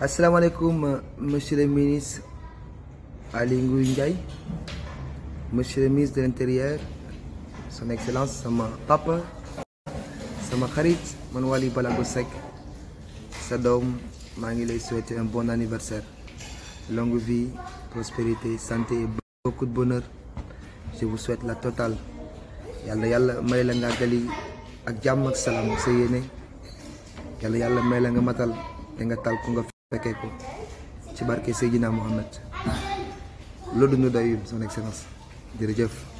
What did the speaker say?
alaikum, monsieur le ministre Alingou monsieur le ministre de l'Intérieur, son excellence sama papa sama Kharit, mon Waly Balago Seck sa un bon anniversaire longue vie prospérité santé beaucoup de bonheur je vous souhaite la totale Yalla yalla, ak ak yalla, fekkee ko ci barke Seydina Mohamed loolu nu dayum son excellence jërëjëf